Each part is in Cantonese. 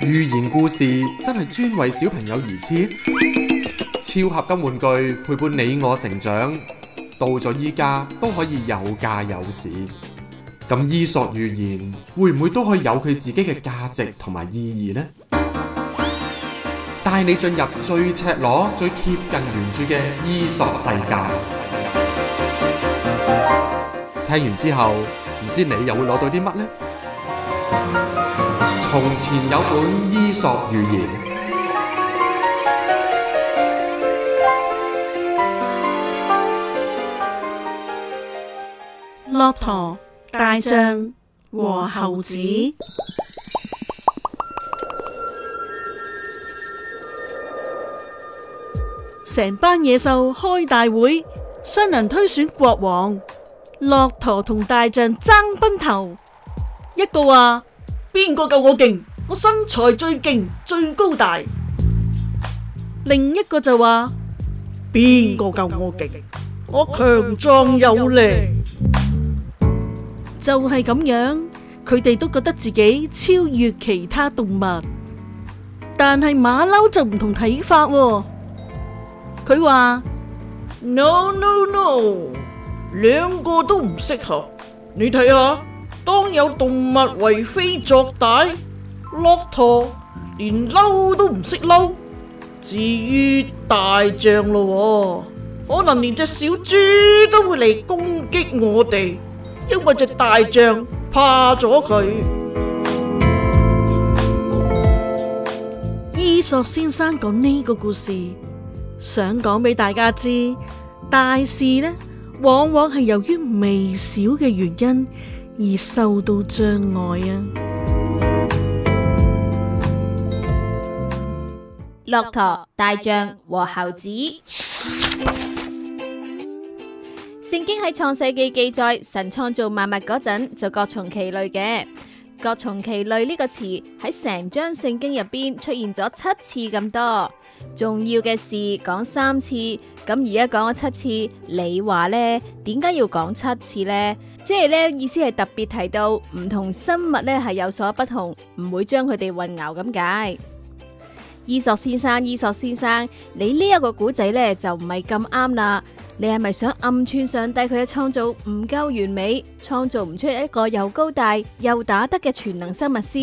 寓言故事真係專為小朋友而設，超合金玩具陪伴你我成長，到咗依家都可以有價有市。咁伊索寓言會唔會都可以有佢自己嘅價值同埋意義呢？帶你進入最赤裸、最貼近原著嘅伊索世界。聽完之後，唔知你又會攞到啲乜呢？從前有本伊索寓言，駱駝、大象和猴子，成班野獸開大會，商量推選國王。駱駝同大象爭崩頭，一個話。邊個夠我勁？我身材最勁，最高大。另一個就話：邊個夠我勁？我強壯有力。就係咁樣，佢哋都覺得自己超越其他動物。但係馬騮就唔同睇法，佢話：No no no，兩個都唔適合。你睇下。當有動物為非作歹，駱駝連嬲都唔識嬲。至於大象咯，可能連隻小豬都會嚟攻擊我哋，因為隻大象怕咗佢。伊索先生講呢個故事，想講俾大家知，大事呢往往係由於微小嘅原因。而受到障礙啊！駱駝、大象和猴子。聖經喺創世記記載，神創造萬物嗰陣就各從其類嘅。各從其類呢個詞喺成張聖經入邊出現咗七次咁多，重要嘅事講三次，咁而家講咗七次，你話呢，點解要講七次呢？即係呢，意思係特別提到唔同生物呢係有所不同，唔會將佢哋混淆咁解。伊索先生，伊索先生，你呢一個古仔呢，就唔係咁啱啦。你係咪想暗串上帝佢嘅創造唔夠完美，創造唔出一個又高大又打得嘅全能生物先？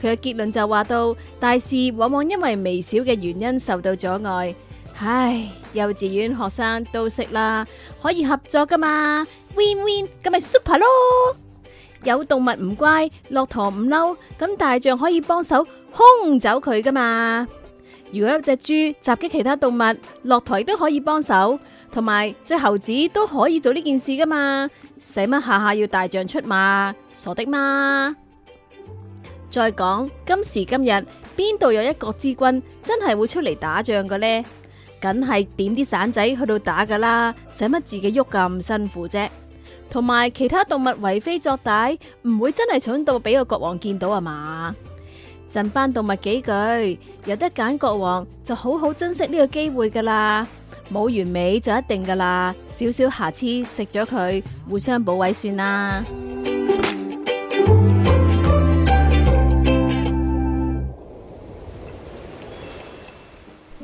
佢嘅結論就話到，大事往往因為微小嘅原因受到阻礙。唉，幼稚園學生都識啦，可以合作噶嘛，win win，咁咪 super 咯。有動物唔乖，駱駝唔嬲，咁大象可以幫手兇走佢噶嘛。如果有隻豬襲擊其他動物，落台都可以幫手，同埋隻猴子都可以做呢件事噶嘛？使乜下下要大象出馬？傻的嘛！再講今時今日，邊度有一國之君真係會出嚟打仗噶呢？梗係點啲散仔去到打噶啦？使乜自己喐咁辛苦啫？同埋其他動物為非作歹，唔會真係蠢到俾個國王見到吖嘛？陣班動物幾句，有得揀國王，就好好珍惜呢個機會噶啦。冇完美就一定噶啦，少少瑕疵食咗佢，互相補位算啦。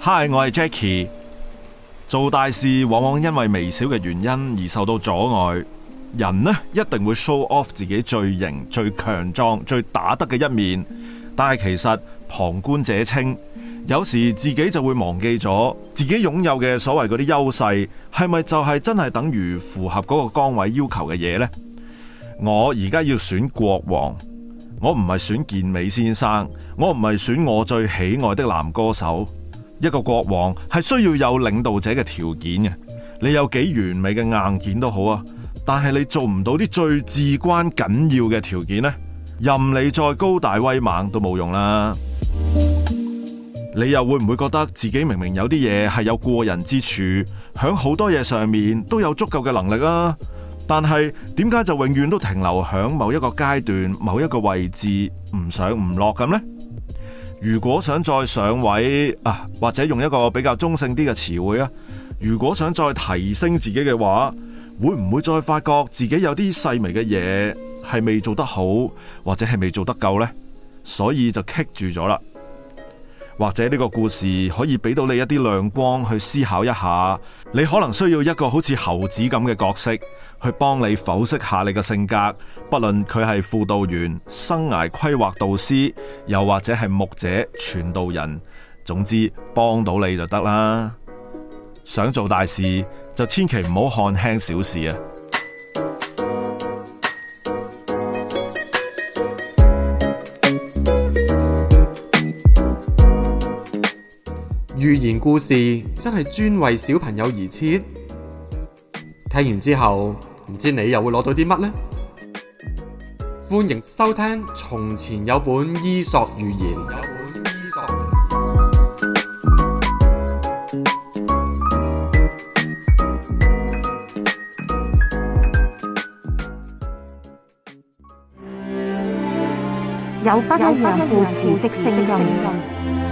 Hi，我係 Jacky。做大事往往因為微小嘅原因而受到阻礙，人呢，一定會 show off 自己最型、最強壯、最打得嘅一面。但係其實旁觀者清，有時自己就會忘記咗自己擁有嘅所謂嗰啲優勢，係咪就係真係等於符合嗰個崗位要求嘅嘢呢？我而家要選國王，我唔係選健美先生，我唔係選我最喜愛的男歌手。一個國王係需要有領導者嘅條件嘅，你有幾完美嘅硬件都好啊，但係你做唔到啲最至關緊要嘅條件呢，任你再高大威猛都冇用啦。你又會唔會覺得自己明明有啲嘢係有過人之處，響好多嘢上面都有足夠嘅能力啊？但係點解就永遠都停留響某一個階段，某一個位置唔上唔落咁咧？如果想再上位啊，或者用一個比較中性啲嘅詞彙啊，如果想再提升自己嘅話，會唔會再發覺自己有啲細微嘅嘢？係未做得好，或者係未做得夠呢，所以就棘住咗啦。或者呢個故事可以俾到你一啲亮光，去思考一下，你可能需要一個好似猴子咁嘅角色，去幫你剖析下你嘅性格。不論佢係輔導員、生涯規劃導師，又或者係牧者、傳道人，總之幫到你就得啦。想做大事，就千祈唔好看輕小事啊！寓言故事真係專為小朋友而設，聽完之後唔知你又會攞到啲乜呢？歡迎收聽《從前有本伊索寓言》，有不一樣故事的聲音。